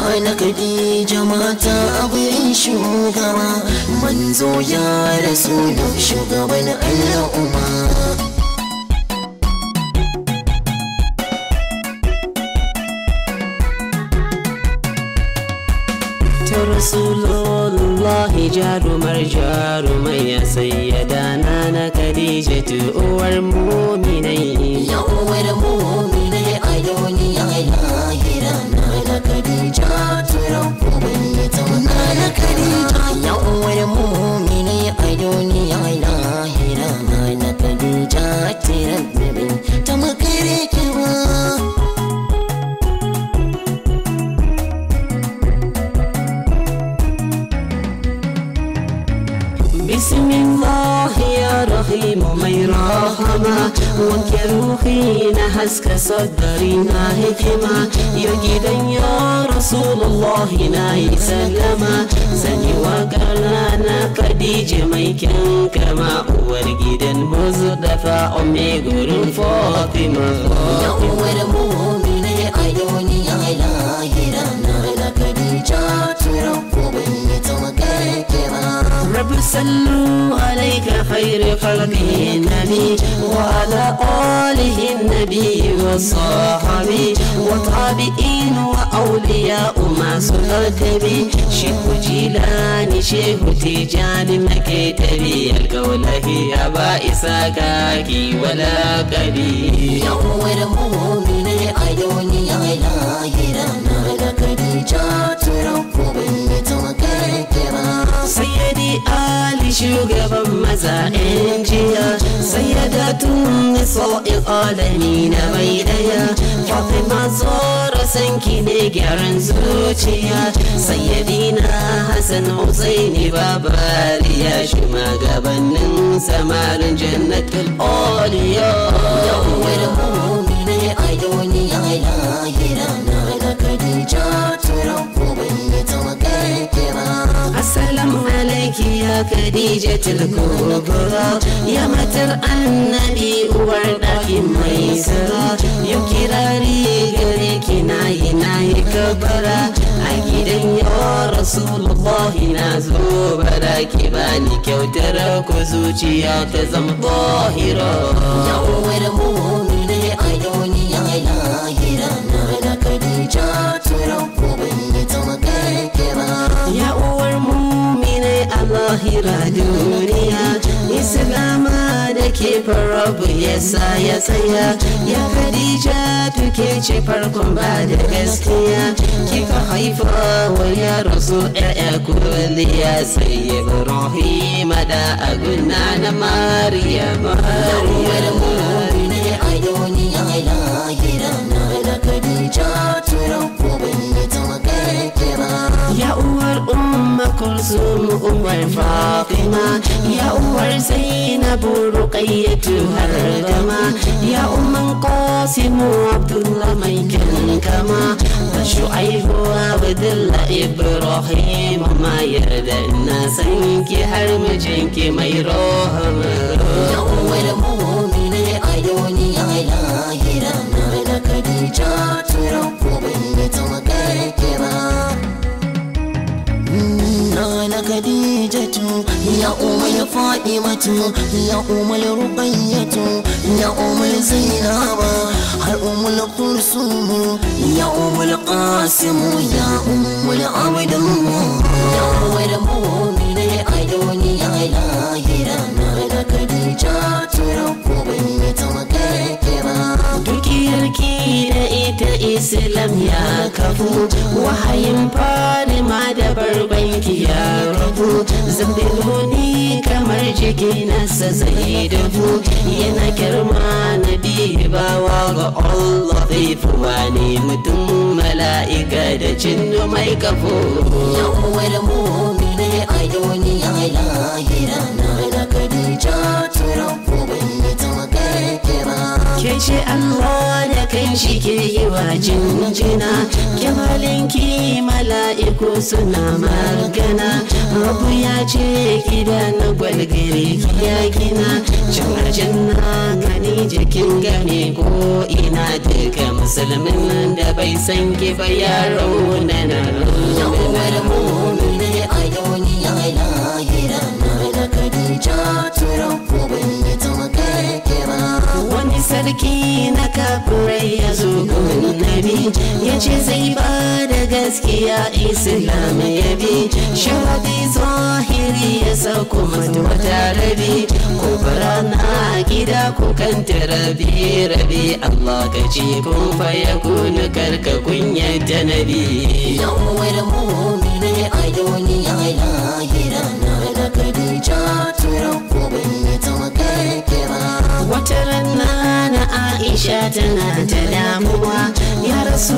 na Khadija mata abin shugaba manzo ya rasu shugaban al'umma Rasulullah jarumar jarumai ya sayyada na na Khadija uwar muminai ya uwar muminai a duniya ya rahama wanke ruhi na haska sadari na hikima ya gidan ya rasulullahi na yi sallama sani wakar rana khadija mai kyan kama uwar gidan muzdafa ome gurin fatima Ya uwar mu ne a duniya lahira na رب صلوا عليك خير خلق النبي وعلى آله النبي وصحبه وطابئين وأولياء ما سلطبي شيخ جيلاني شيخ تجاني مكتبي القول هي أبا إساكاكي ولا قدي نور مؤمن عيوني على هرم لك رجعت ربي ali shugaban maza yan jiya sayyadatun nisa'i alami na mai daya fatima zora sanki ne gyaran zuciya sayyadina hassan husaini babari ya shi gabanin samarin jannatul oliyo yawon wani homi ne a duniya lahira Khadija tilkubra ya matar annabi uwar ɗakin mai sara ya kirari gare ki na yi na yi kabara a gidan su rasulullah na zo bara ki bani kyautar ku zuciya ta zama bahira ke farabu ya sa ya tsaya ya khadija tuke ce farkon ba da gaskiya kika haifa wa ya rasu ɗaya kulli ya tsaye Ibrahim da aguna na mariya mariya ya uwar umma kulsum umar fa. fatima ya uwar zainabu ruqayyatu har dama ya umman qasimu abdullah mai kama shu'aibu abdullah ibrahim ma yarda na san ki har mijinki mai rahama ya uwar mu'mina a duniya lahira na da kadija turo fa'imatu ya umul ruqayyatu ya umul zainaba har umul kulsum ya umul qasim ya umul abdullah ya umul mu'min islam ya kafu wahayin falima da barbanki ya rabu zambin kamar jiki nasa zai dubu yana girma na bawa ga Allah zai fuwa ne mutum mala'ika da cinnu mai kafu. yawon mu ne a duniya lahira na da kadija turabu ke shi Allah da kan shi ke yi wa jinjina kemalinki mala'iku suna magana rabu ya ce gida na gwalgare ya gina cin aljanna gani jikin gane ko ina duka musulmin da bai san ke ba ya nan. ne a furai ya zo nabi ya ce zai ba da gaskiya islam ya bi sharaɗi zahiri ya sauko mata wata rabi ko na gida ko kanta rabi rabi Allah ka ce kun faya kunu karka kunyar da nabi yawon mu ne a duniya lahira na da kadin tana ta damuwa ya rasu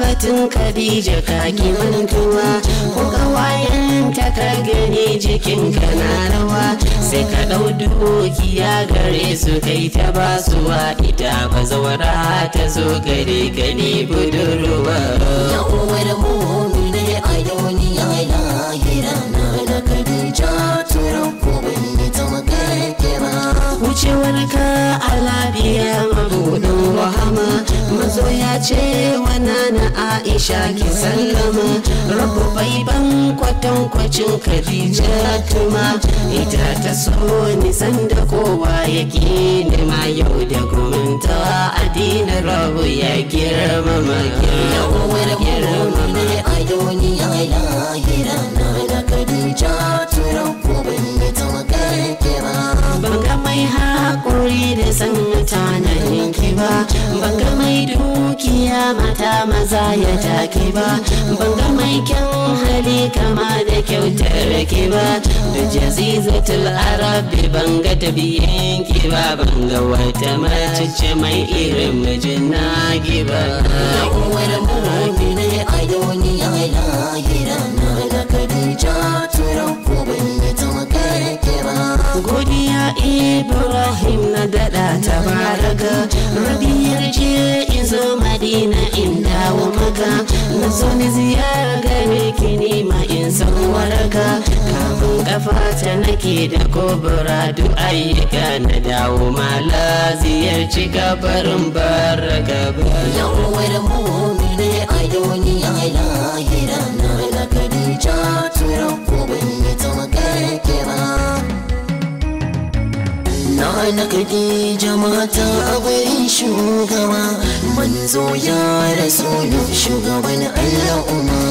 batun kadija ka ki mantuwa ko kawayen ta ka gani jikin ka na rawa sai ka ɗau dukiya gare su kai ta basuwa ita bazawara ta zo gare gani budurwa ya umar mu a na kadija ta wucewar ka a labiya mabuɗo wahama mazo ya ce wa na aisha ki sallama rabu bai ban kwatankwacin khadija tuma ita ta so ni sanda kowa yake ni ma yau da gumanta adinin rabu ya girmama girmama girmama a duniya lahira na na ya tawagar kira ban ga mai haƙuri da san na ki ba Banga mai dukiya mata maza ya take ba banga mai kyan hali kama da kyautar ke ba da jazizatul arabi banga ta biyan ke ba banga wata mace mai irin mijin na ba ibrahim na dada ta baraga rabiyar yarje in zo madina in dawo maka na zo ni ziyara gare ki ma in san waraka kafin kafa ta nake da kobura duk ayyuka na dawo mala ziyarci kafarin baraka ba yawar wani mata a gurin shugaba manzo ya rasulu shugaban al'umma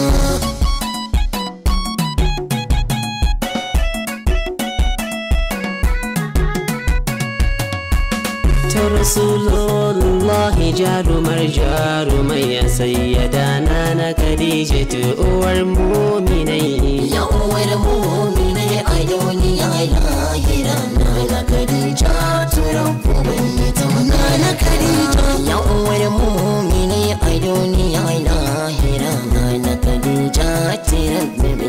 ta rasulullah jarumar jarumai ya sayyada na na kadijatu uwar muminai commitment.